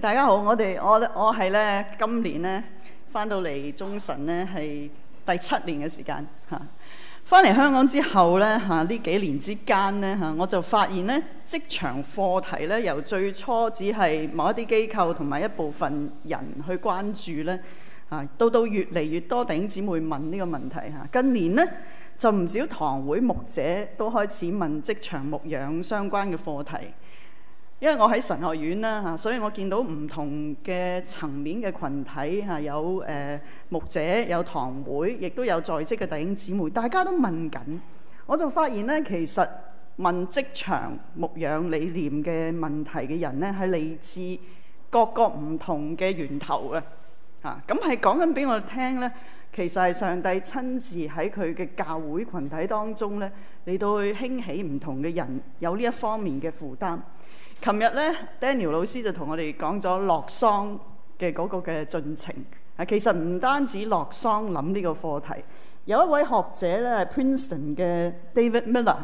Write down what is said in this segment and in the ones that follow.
大家好，我哋我我係咧，今年咧翻到嚟中神咧係第七年嘅時間嚇。翻、啊、嚟香港之後咧嚇，呢、啊、幾年之間咧嚇，我就發現咧職場課題咧由最初只係某一啲機構同埋一部分人去關注咧嚇、啊，到到越嚟越多弟兄姊妹問呢個問題嚇、啊。近年咧就唔少堂會牧者都開始問職場牧養相關嘅課題。因為我喺神學院啦，嚇，所以我見到唔同嘅層面嘅群體嚇，有誒、呃、牧者，有堂會，亦都有在職嘅弟兄姊妹，大家都問緊，我就發現咧，其實問職場牧養理念嘅問題嘅人咧，係嚟自各個唔同嘅源頭嘅啊！嚇，咁係講緊俾我聽咧，其實係上帝親自喺佢嘅教會群體當中咧嚟到去興起唔同嘅人有呢一方面嘅負擔。琴日咧，Daniel 老師就同我哋講咗洛桑嘅嗰個嘅進程啊，其實唔單止洛桑諗呢個課題，有一位學者咧係 Princeton 嘅 David Miller，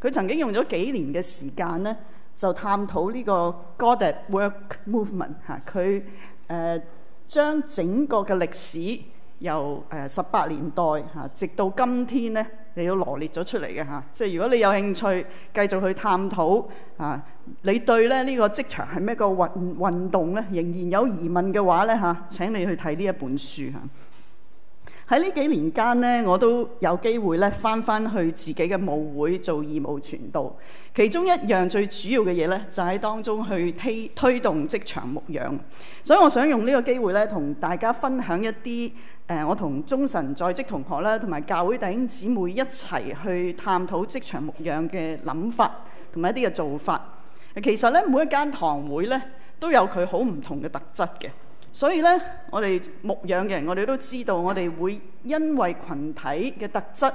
佢曾經用咗幾年嘅時間咧，就探討呢個 God at Work Movement 嚇、啊，佢、呃、將整個嘅歷史由誒十八年代、啊、直到今天咧。你都羅列咗出嚟嘅吓，即係如果你有興趣繼續去探討啊，你對咧呢個職場係咩個運運動咧，仍然有疑問嘅話咧吓，啊，請你去睇呢一本書嚇、啊。喺呢幾年間呢，我都有機會咧返返去自己嘅牧會做義務傳道。其中一樣最主要嘅嘢咧，就喺當中去推推動職場牧養。所以我想用呢個機會咧，同大家分享一啲誒、呃，我同中神在職同學啦，同埋教會弟兄姊妹一齊去探討職場牧養嘅諗法同埋一啲嘅做法。其實咧，每一間堂會咧都有佢好唔同嘅特質嘅。所以呢，我哋牧養嘅人，我哋都知道，我哋會因為群體嘅特質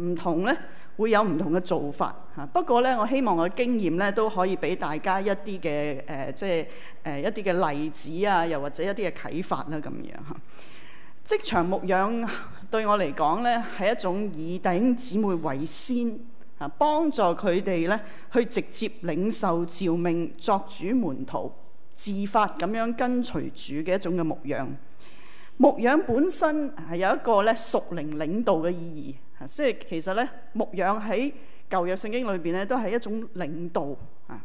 唔同呢，會有唔同嘅做法嚇。不過呢，我希望我經驗呢，都可以俾大家一啲嘅、呃、即係、呃、一啲嘅例子啊，又或者一啲嘅啟發啦咁樣嚇。職場牧養對我嚟講呢，係一種以弟兄姊妹為先嚇，幫助佢哋呢，去直接領受召命作主門徒。自發咁樣跟隨主嘅一種嘅牧養。牧養本身係有一個咧屬靈領導嘅意義，嚇，所以其實咧牧養喺舊約聖經裏邊咧都係一種領導，啊，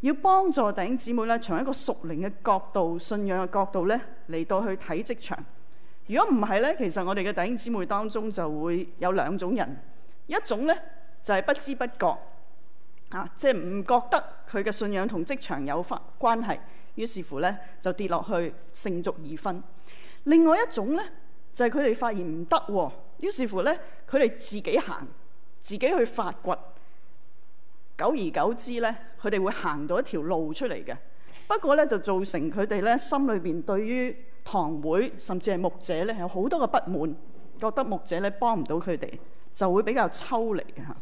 要幫助弟兄姊妹咧從一個屬靈嘅角度、信仰嘅角度咧嚟到去睇職場。如果唔係咧，其實我哋嘅弟兄姊妹當中就會有兩種人，一種咧就係不知不覺，嚇，即係唔覺得佢嘅信仰同職場有分關係，於是乎咧就跌落去，聖俗二分。另外一種咧，就係佢哋發現唔得、哦，於是乎咧佢哋自己行，自己去發掘。久而久之咧，佢哋會行到一條路出嚟嘅。不過咧就造成佢哋咧心裏邊對於堂會甚至係牧者咧有好多嘅不滿，覺得牧者咧幫唔到佢哋，就會比較抽離嘅嚇。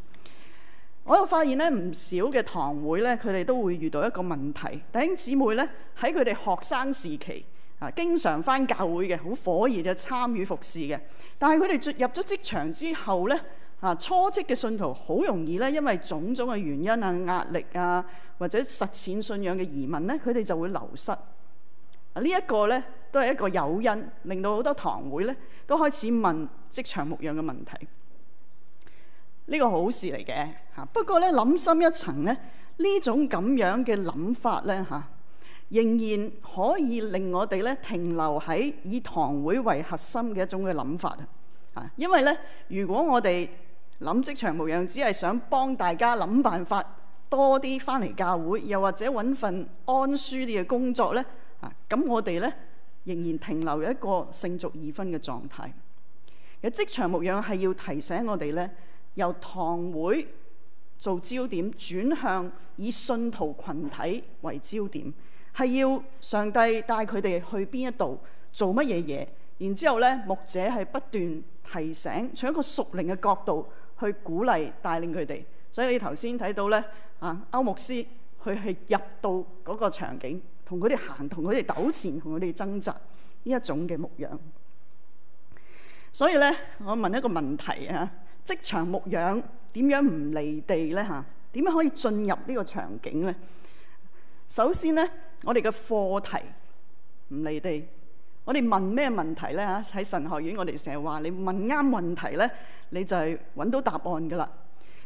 我又發現咧，唔少嘅堂會咧，佢哋都會遇到一個問題。弟兄姊妹咧，喺佢哋學生時期啊，經常翻教會嘅，好火熱嘅參與服侍嘅。但係佢哋入咗職場之後咧，啊初職嘅信徒好容易咧，因為種種嘅原因啊、壓力啊，或者實踐信仰嘅疑問咧，佢哋就會流失。啊、這個，呢一個咧都係一個誘因，令到好多堂會咧都開始問職場牧養嘅問題。呢個好事嚟嘅嚇，不過咧諗深一層咧，這種這呢種咁樣嘅諗法咧嚇，仍然可以令我哋咧停留喺以堂會為核心嘅一種嘅諗法啊。因為咧，如果我哋諗職場牧養，只係想幫大家諗辦法多啲翻嚟教會，又或者揾份安舒啲嘅工作咧嚇，咁、嗯、我哋咧仍然停留一個聖俗二分嘅狀態。有職場牧養係要提醒我哋咧。由堂會做焦點，轉向以信徒群體為焦點，係要上帝帶佢哋去邊一度做乜嘢嘢？然之後咧，牧者係不斷提醒，從一個屬靈嘅角度去鼓勵帶領佢哋。所以你頭先睇到咧啊，歐牧師佢係入到嗰個場景，同佢哋行，同佢哋糾纏，同佢哋掙扎呢一種嘅牧養。所以咧，我問一個問題啊～職場牧養點樣唔離地呢？嚇，點樣可以進入呢個場景呢？首先呢，我哋嘅課題唔離地。我哋問咩問題呢？嚇，喺神學院我們說，我哋成日話你問啱問題呢，你就係揾到答案噶啦。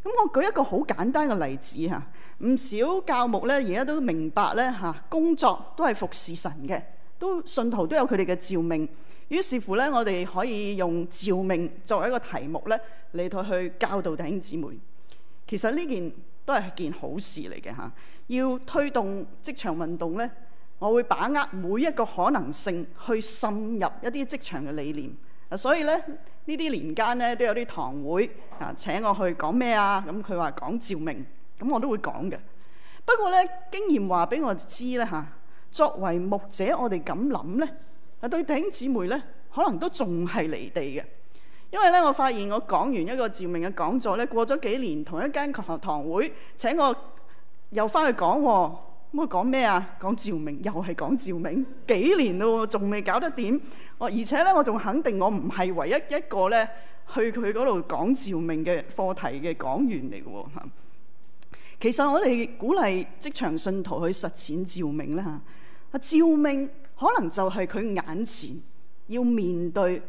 咁我舉一個好簡單嘅例子嚇，唔少教牧呢而家都明白呢，嚇，工作都係服侍神嘅。都信徒都有佢哋嘅召命，於是乎咧，我哋可以用召命作為一個題目咧，嚟到去教導弟兄姊妹。其實呢件都係件好事嚟嘅吓，要推動職場運動咧，我會把握每一個可能性去滲入一啲職場嘅理念。啊，所以咧，呢啲年間咧，都有啲堂會啊請我去講咩啊？咁佢話講召命，咁我都會講嘅。不過咧經驗話俾我知咧嚇。作為牧者，我哋咁諗呢，對弟兄姊妹呢，可能都仲係離地嘅，因為呢，我發現我講完一個召命嘅講座呢，過咗幾年，同一間堂會請我又翻去講，咁啊講咩啊？講、嗯、召命，又係講召命，幾年咯，仲未搞得掂。我而且呢，我仲肯定我唔係唯一一個呢，去佢嗰度講召命嘅課題嘅講員嚟嘅、哦。其實我哋鼓勵職場信徒去實踐召命啦。照召命可能就係佢眼前要面對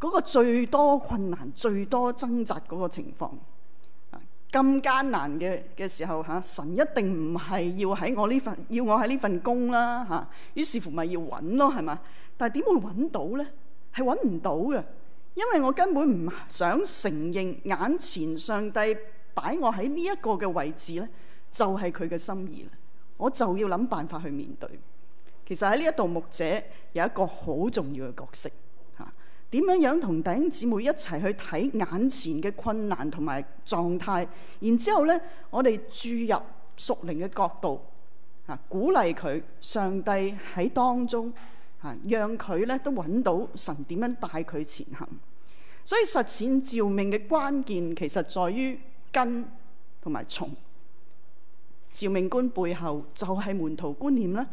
嗰個最多困難、最多掙扎嗰個情況。咁、啊、艱難嘅嘅時候嚇、啊，神一定唔係要喺我呢份要我喺呢份工啦嚇。於、啊、是乎咪要揾咯，係嘛？但係點會揾到呢？係揾唔到嘅，因為我根本唔想承認眼前上帝擺我喺呢一個嘅位置呢就係佢嘅心意啦。我就要諗辦法去面對。其實喺呢一度牧者有一個好重要嘅角色，吓，點樣樣同弟兄姊妹一齊去睇眼前嘅困難同埋狀態，然之後咧我哋注入屬靈嘅角度，吓，鼓勵佢，上帝喺當中吓，讓佢咧都揾到神點樣帶佢前行。所以實踐召命嘅關鍵，其實在於跟同埋從。召命觀背後就係門徒觀念啦。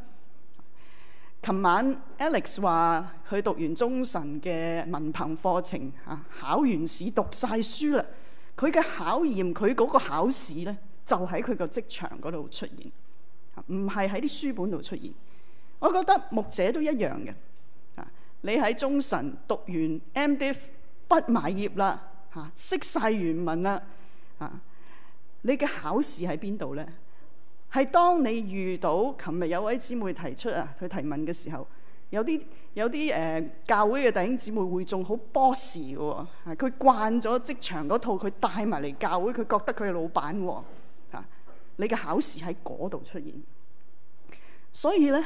琴晚 Alex 話佢讀完中神嘅文憑課程嚇，考完試讀晒書啦。佢嘅考驗佢嗰個考試咧，就喺佢個職場嗰度出現，唔係喺啲書本度出現。我覺得牧者都一樣嘅。啊，你喺中神讀完 MDiv 畢埋業啦嚇，識晒原文啦嚇，你嘅考試喺邊度咧？係當你遇到琴日有位姊妹提出啊，佢提問嘅時候，有啲有啲誒、呃、教會嘅弟兄姊妹會仲好 boss 嘅喎、哦。佢慣咗職場嗰套，佢帶埋嚟教會，佢覺得佢係老闆喎、哦啊。你嘅考試喺嗰度出現，所以咧，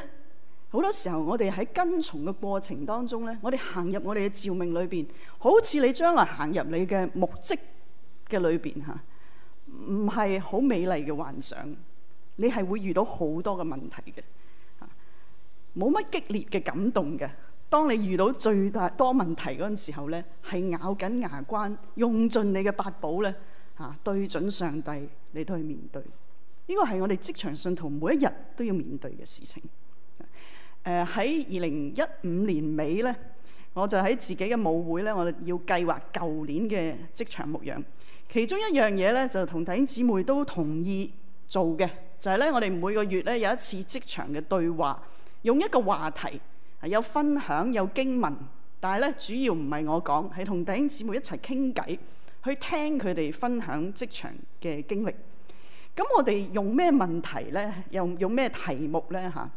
好多時候，我哋喺跟從嘅過程當中咧，我哋行入我哋嘅照明裏邊，好似你將來行入你嘅目跡嘅裏邊嚇，唔係好美麗嘅幻想。你係會遇到好多嘅問題嘅，冇乜激烈嘅感動嘅。當你遇到最大多問題嗰陣時候呢，係咬緊牙關，用盡你嘅八寶呢嚇，對準上帝你都去面對。呢個係我哋職場信徒每一日都要面對嘅事情。誒喺二零一五年尾呢，我就喺自己嘅母會呢，我哋要計劃舊年嘅職場牧養，其中一樣嘢呢，就同弟兄姊妹都同意做嘅。就係咧，我哋每個月咧有一次職場嘅對話，用一個話題係有分享有經文，但係咧主要唔係我講，係同弟兄姊妹一齊傾偈，去聽佢哋分享職場嘅經歷。咁我哋用咩問題咧？又用咩題目咧？嚇，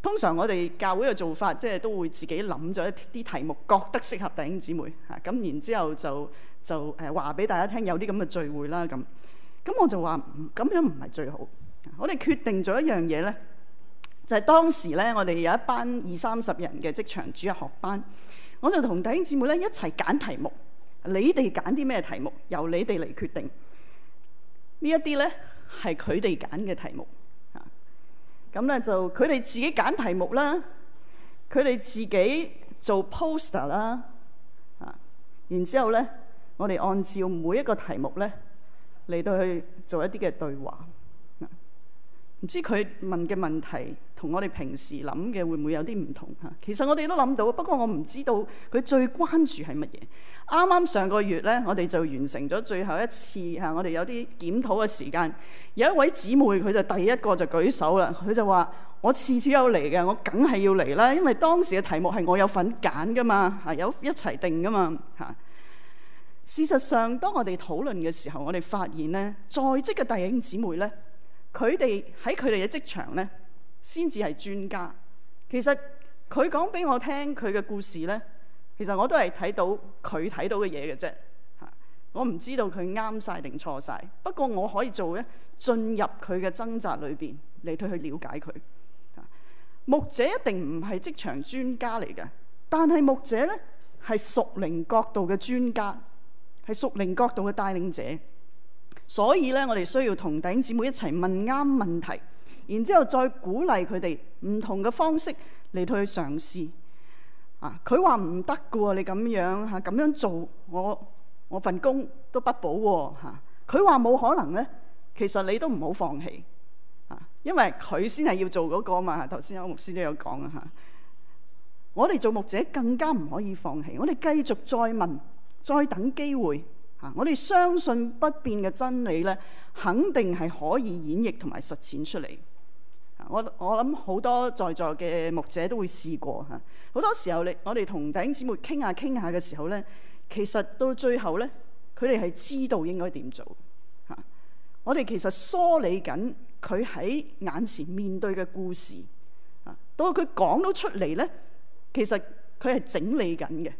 通常我哋教會嘅做法即係都會自己諗咗啲題目，覺得適合弟兄姊妹嚇。咁然之後就就誒話俾大家聽，有啲咁嘅聚會啦。咁咁我就話咁樣唔係最好。我哋決定咗一樣嘢咧，就係當時咧，我哋有一班二三十人嘅職場主日學班，我就同弟兄姊妹咧一齊揀題目。你哋揀啲咩題目，由你哋嚟決定。呢一啲咧係佢哋揀嘅題目啊。咁咧就佢哋自己揀題目啦，佢哋自己做 poster 啦啊。然之後咧，我哋按照每一個題目咧嚟到去做一啲嘅對話。唔知佢問嘅問題同我哋平時諗嘅會唔會有啲唔同嚇？其實我哋都諗到，不過我唔知道佢最關注係乜嘢。啱啱上個月呢，我哋就完成咗最後一次嚇，我哋有啲檢討嘅時間。有一位姊妹佢就第一個就舉手啦，佢就話：我次次有嚟嘅，我梗係要嚟啦，因為當時嘅題目係我有份揀噶嘛，係有一齊定噶嘛嚇。事實上，當我哋討論嘅時候，我哋發現呢在職嘅弟兄姊妹呢。佢哋喺佢哋嘅職場呢，先至係專家。其實佢講俾我聽佢嘅故事呢，其實我都係睇到佢睇到嘅嘢嘅啫。我唔知道佢啱晒定錯晒，不過我可以做呢，進入佢嘅掙扎裏邊嚟去去了解佢。牧者一定唔係職場專家嚟嘅，但係牧者呢，係屬靈角度嘅專家，係屬靈角度嘅帶領者。所以咧，我哋需要同弟兄姊妹一齊問啱問題，然之後再鼓勵佢哋唔同嘅方式嚟到去嘗試。啊，佢話唔得嘅喎，你咁樣嚇咁樣做，我我份工都不保喎嚇。佢話冇可能咧，其實你都唔好放棄嚇，因為佢先係要做嗰個嘛。頭先有牧師都有講啊嚇。我哋做牧者更加唔可以放棄，我哋繼續再問，再等機會。嚇！我哋相信不變嘅真理咧，肯定係可以演繹同埋實踐出嚟。我我諗好多在座嘅牧者都會試過嚇。好多時候，你我哋同弟兄姊妹傾下傾下嘅時候咧，其實到最後咧，佢哋係知道應該點做嚇。我哋其實梳理緊佢喺眼前面對嘅故事啊，到佢講到出嚟咧，其實佢係整理緊嘅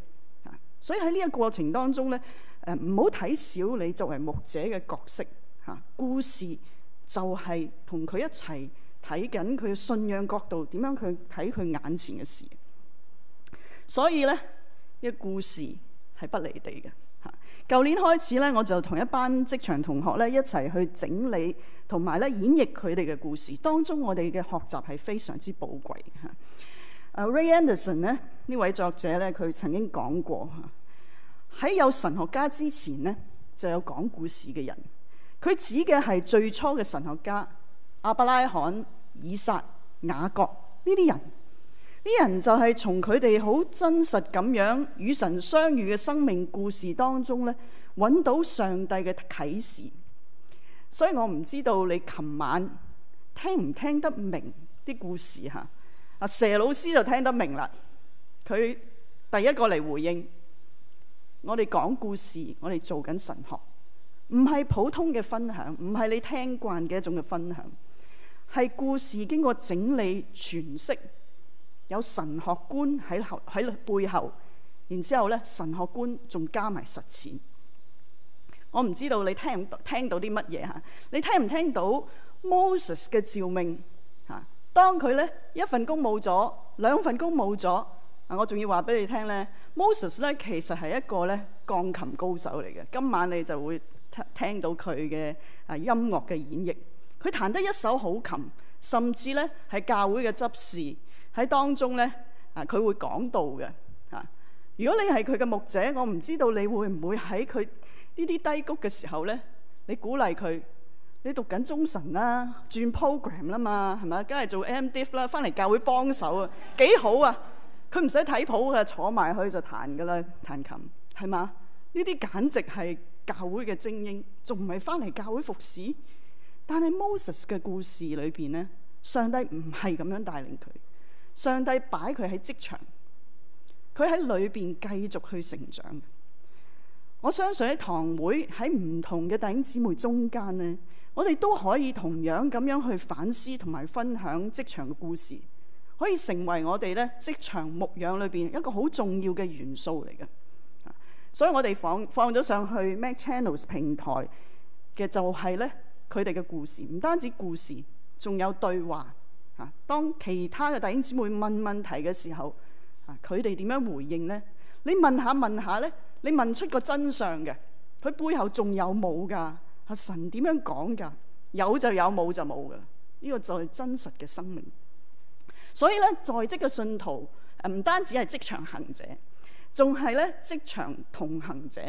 啊。所以喺呢個過程當中咧。誒，唔好睇小你作為牧者嘅角色嚇，故事就係同佢一齊睇緊佢信仰角度點樣去睇佢眼前嘅事，所以咧、嘅、呢個、故事係不離地嘅嚇。舊年開始咧，我就同一班職場同學咧一齊去整理同埋咧演繹佢哋嘅故事，當中我哋嘅學習係非常之寶貴嚇。Ray Anderson 咧呢位作者咧，佢曾經講過嚇。喺有神學家之前呢，就有講故事嘅人。佢指嘅係最初嘅神學家阿伯拉罕、以撒、雅各呢啲人。呢人就係從佢哋好真實咁樣與神相遇嘅生命故事當中呢，揾到上帝嘅啟示。所以我唔知道你琴晚聽唔聽得明啲故事吓。阿佘老師就聽得明啦，佢第一個嚟回應。我哋講故事，我哋做緊神學，唔係普通嘅分享，唔係你聽慣嘅一種嘅分享，係故事經過整理詮釋，有神學觀喺後，喺背後，然之後咧神學觀仲加埋實踐。我唔知道你聽唔聽到啲乜嘢吓？你聽唔聽到 Moses 嘅召命，吓？當佢咧一份工冇咗，兩份工冇咗。啊！我仲要話俾你聽咧，Moses 咧其實係一個咧鋼琴高手嚟嘅。今晚你就會聽聽到佢嘅啊音樂嘅演繹。佢彈得一手好琴，甚至咧係教會嘅執事喺當中咧啊，佢會講道嘅啊。如果你係佢嘅牧者，我唔知道你會唔會喺佢呢啲低谷嘅時候咧，你鼓勵佢。你讀緊中神啦，轉 program 啦嘛，係咪？梗係做 MDiv 啦，翻嚟教會幫手啊，幾好啊！佢唔使睇譜嘅，坐埋去就彈㗎啦，彈琴係嘛？呢啲簡直係教會嘅精英，仲唔係翻嚟教會服侍？但係 Moses 嘅故事裏邊咧，上帝唔係咁樣帶領佢，上帝擺佢喺職場，佢喺裏邊繼續去成長。我相信喺堂會喺唔同嘅弟兄姊妹中間咧，我哋都可以同樣咁樣去反思同埋分享職場嘅故事。可以成為我哋咧職場牧養裏邊一個好重要嘅元素嚟嘅，所以我哋放放咗上去 Mac Channels 平台嘅就係咧佢哋嘅故事，唔單止故事，仲有對話。嚇，當其他嘅弟兄姊妹問問題嘅時候，嚇佢哋點樣回應咧？你問下問下咧，你問出個真相嘅，佢背後仲有冇㗎？阿神點樣講㗎？有就有，冇就冇噶。呢、這個就係真實嘅生命。所以咧，在職嘅信徒唔單止係職場行者，仲係咧職場同行者。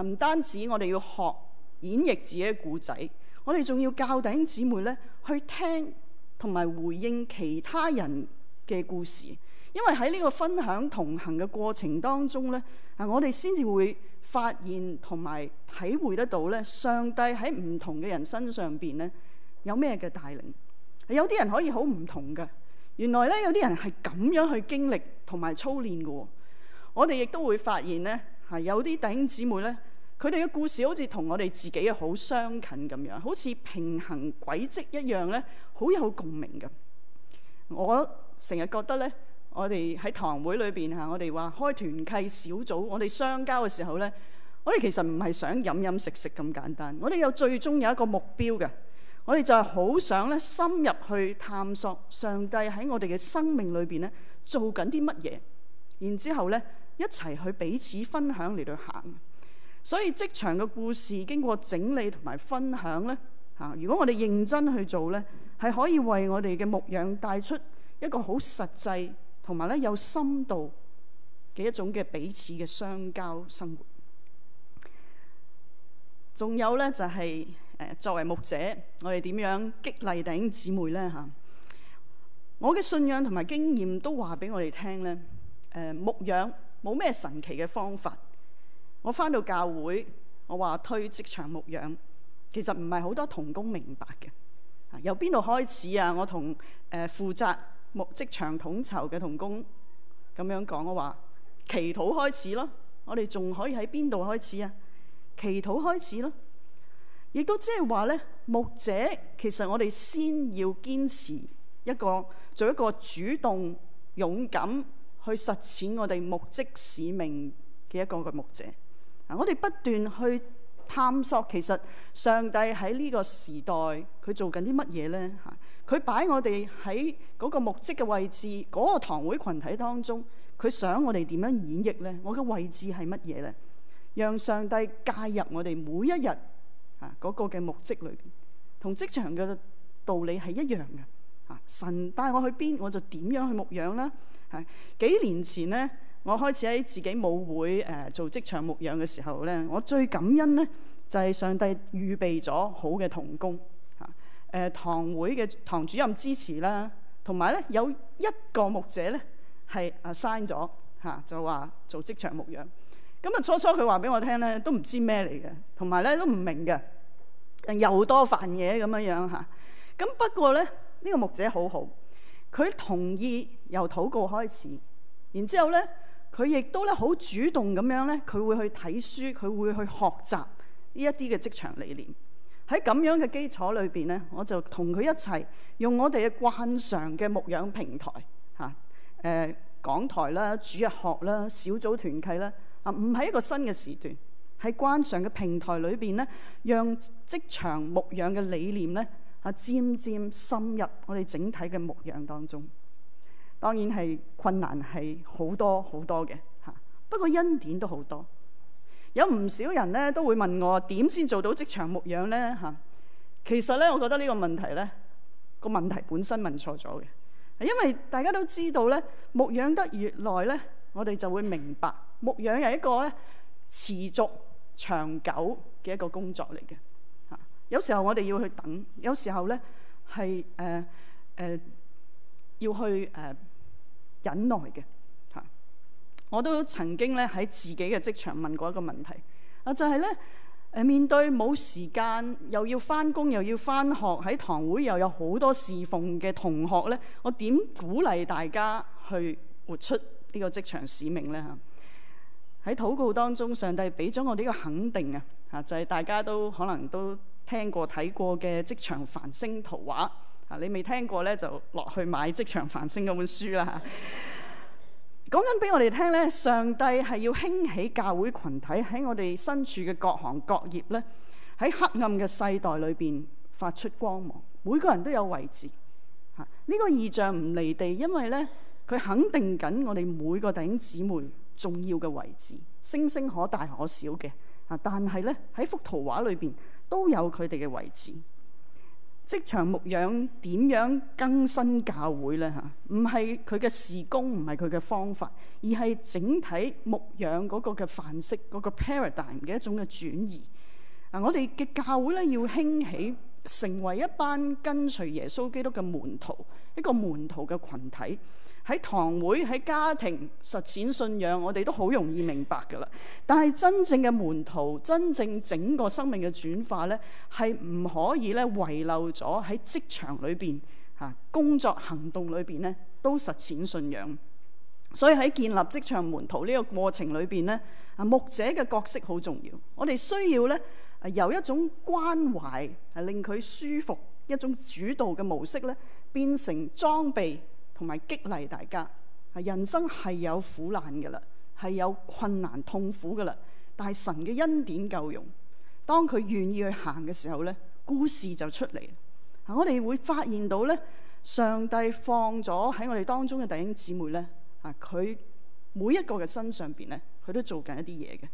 唔單止我哋要學演繹自己嘅故仔，我哋仲要教弟兄姊妹咧去聽同埋回應其他人嘅故事。因為喺呢個分享同行嘅過程當中咧，啊，我哋先至會發現同埋體會得到咧上帝喺唔同嘅人身上邊咧有咩嘅帶領。有啲人可以好唔同㗎。原來咧有啲人係咁樣去經歷同埋操練嘅喎，我哋亦都會發現咧，係有啲弟兄姊妹咧，佢哋嘅故事好似同我哋自己好相近咁樣，好似平行軌跡一樣咧，好有共鳴㗎。我成日覺得咧，我哋喺堂會裏邊吓，我哋話開團契小組，我哋相交嘅時候咧，我哋其實唔係想飲飲食食咁簡單，我哋有最終有一個目標嘅。我哋就係好想咧深入去探索上帝喺我哋嘅生命裏邊咧做緊啲乜嘢，然之後咧一齊去彼此分享嚟到行。所以職場嘅故事經過整理同埋分享咧，嚇，如果我哋認真去做咧，係可以為我哋嘅牧養帶出一個好實際同埋咧有深度嘅一種嘅彼此嘅相交生活。仲有咧就係、是。作為牧者，我哋點樣激勵弟兄姊妹呢？嚇，我嘅信仰同埋經驗都話俾我哋聽咧。誒、呃、牧養冇咩神奇嘅方法。我返到教會，我話推職場牧養，其實唔係好多同工明白嘅。由邊度開始啊？我同誒負責牧職場統籌嘅同工咁樣講，我話祈禱開始咯。我哋仲可以喺邊度開始啊？祈禱開始咯。亦都即係話咧，牧者其實我哋先要堅持一個做一個主動勇敢去實踐我哋牧職使命嘅一個嘅牧者啊！我哋不斷去探索，其實上帝喺呢個時代佢做緊啲乜嘢呢？嚇、啊？佢擺我哋喺嗰個牧職嘅位置，嗰、嗰個堂會群體當中，佢想我哋點樣演繹呢？我嘅位置係乜嘢呢？讓上帝介入我哋每一日。啊！嗰、那個嘅牧職裏邊，同職場嘅道理係一樣嘅。啊！神帶我去邊，我就點樣去牧養啦。係幾年前咧，我開始喺自己母會誒、呃、做職場牧養嘅時候咧，我最感恩咧就係、是、上帝預備咗好嘅同工。啊！誒、呃、堂會嘅堂主任支持啦，同埋咧有一個牧者咧係 assign 咗嚇，就話做職場牧養。咁啊！就初初佢話俾我聽咧，都唔知咩嚟嘅，同埋咧都唔明嘅，又多煩嘢咁樣樣嚇。咁、啊、不過咧，呢、這個牧者好好，佢同意由禱告開始，然之後咧，佢亦都咧好主動咁樣咧，佢會去睇書，佢會去學習呢一啲嘅職場理念。喺咁樣嘅基礎裏邊咧，我就同佢一齊用我哋嘅慣常嘅牧養平台嚇，誒、啊、講、呃、台啦、主日學啦、小組團契啦。啊，唔係一個新嘅時段，喺關上嘅平台裏邊咧，讓職場牧養嘅理念咧，啊，漸漸深入我哋整體嘅牧養當中。當然係困難係好多好多嘅嚇，不過恩典都好多。有唔少人咧都會問我點先做到職場牧養咧嚇。其實咧，我覺得呢個問題咧，個問題本身問錯咗嘅，因為大家都知道咧，牧養得越耐咧。我哋就會明白牧養係一個咧持續長久嘅一個工作嚟嘅嚇。有時候我哋要去等，有時候咧係誒誒要去誒、呃、忍耐嘅嚇。我都曾經咧喺自己嘅職場問過一個問題啊，就係咧誒面對冇時間，又要返工又要返學，喺堂會又有好多侍奉嘅同學咧，我點鼓勵大家去活出？呢個職場使命咧嚇，喺禱告當中，上帝俾咗我哋一個肯定啊！嚇，就係大家都可能都聽過睇過嘅職場繁星圖畫啊！你未聽過咧，就落去買《職場繁星》嗰本書啦嚇。講緊俾我哋聽咧，上帝係要興起教會群體喺我哋身處嘅各行各業咧，喺黑暗嘅世代裏邊發出光芒。每個人都有位置嚇，呢個異象唔離地，因為咧。佢肯定緊我哋每個弟兄姊妹重要嘅位置，星星可大可小嘅啊。但係呢，喺幅圖畫裏邊都有佢哋嘅位置。職場牧養點樣更新教會呢？嚇，唔係佢嘅事工，唔係佢嘅方法，而係整體牧養嗰個嘅範式嗰個 paradigm 嘅一種嘅轉移啊。我哋嘅教會咧，要興起，成為一班跟隨耶穌基督嘅門徒，一個門徒嘅群體。喺堂會、喺家庭實踐信仰，我哋都好容易明白㗎喇。但係真正嘅門徒、真正整個生命嘅轉化呢，係唔可以呢遺漏咗喺職場裏邊吓，工作行動裏邊呢都實踐信仰。所以喺建立職場門徒呢個過程裏邊呢，牧者嘅角色好重要。我哋需要呢，由一種關懷係令佢舒服，一種主導嘅模式呢，變成裝備。同埋激勵大家，係人生係有苦難噶啦，係有困難痛苦噶啦。但係神嘅恩典夠用，當佢願意去行嘅時候呢，故事就出嚟。我哋會發現到呢，上帝放咗喺我哋當中嘅弟兄姊妹呢，啊，佢每一個嘅身上邊呢，佢都做緊一啲嘢嘅。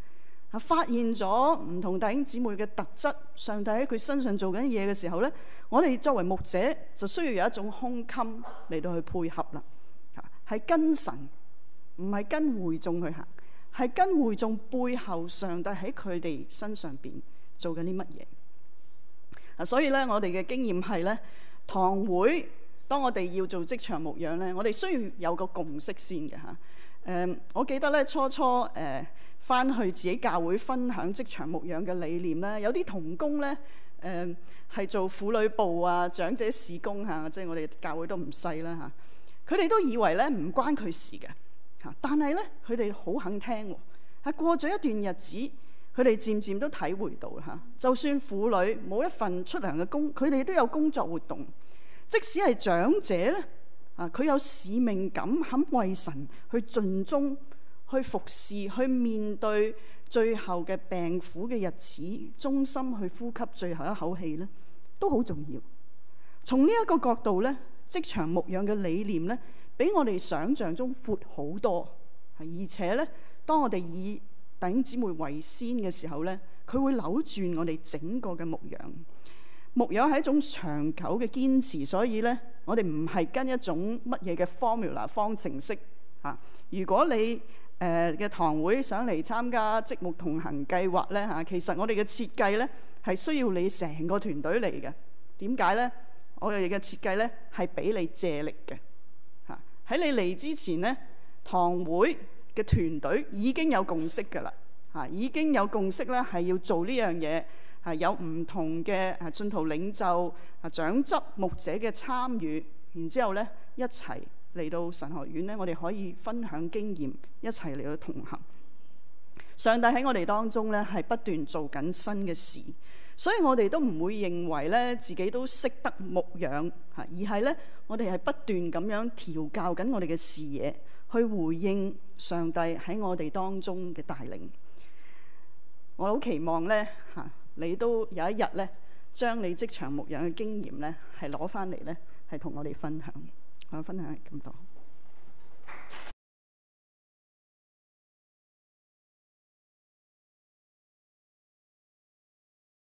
啊！發現咗唔同弟兄姊妹嘅特質，上帝喺佢身上做緊嘢嘅時候咧，我哋作為牧者就需要有一種胸襟嚟到去配合啦。嚇，係跟神，唔係跟會眾去行，係跟會眾背後上帝喺佢哋身上邊做緊啲乜嘢啊！所以咧，我哋嘅經驗係咧，堂會當我哋要做職場牧養咧，我哋需要有個共識先嘅嚇。誒、嗯，我記得咧初初誒翻、呃、去自己教會分享職場牧養嘅理念咧，有啲同工咧誒係做婦女部啊、長者事工嚇、啊，即係我哋教會都唔細啦嚇。佢、啊、哋都以為咧唔關佢事嘅嚇、啊，但係咧佢哋好肯聽喎、哦。係、啊、過咗一段日子，佢哋漸漸都體會到嚇、啊，就算婦女冇一份出糧嘅工，佢哋都有工作活動。即使係長者咧。啊！佢有使命感，肯為神去盡忠、去服侍，去面對最後嘅病苦嘅日子，衷心去呼吸最後一口氣咧，都好重要。從呢一個角度咧，職場牧養嘅理念咧，比我哋想象中闊好多。而且咧，當我哋以弟兄姊妹為先嘅時候咧，佢會扭轉我哋整個嘅牧養。牧養係一種長久嘅堅持，所以呢，我哋唔係跟一種乜嘢嘅 formula 方程式嚇。如果你誒嘅堂會想嚟參加職牧同行計劃呢嚇，其實我哋嘅設計呢係需要你成個團隊嚟嘅。點解呢？我哋嘅設計呢係俾你借力嘅嚇。喺你嚟之前呢，堂會嘅團隊已經有共識㗎啦嚇，已經有共識呢係要做呢樣嘢。係有唔同嘅誒，信徒領袖啊、長執牧者嘅參與，然之後咧一齊嚟到神學院咧，我哋可以分享經驗，一齊嚟到同行。上帝喺我哋當中咧係不斷做緊新嘅事，所以我哋都唔會認為咧自己都識得牧養嚇，而係咧我哋係不斷咁樣調教緊我哋嘅視野，去回應上帝喺我哋當中嘅帶領。我好期望咧嚇。你都有一日咧，將你職場牧養嘅經驗咧，係攞翻嚟咧，係同我哋分享的。我分享係咁多。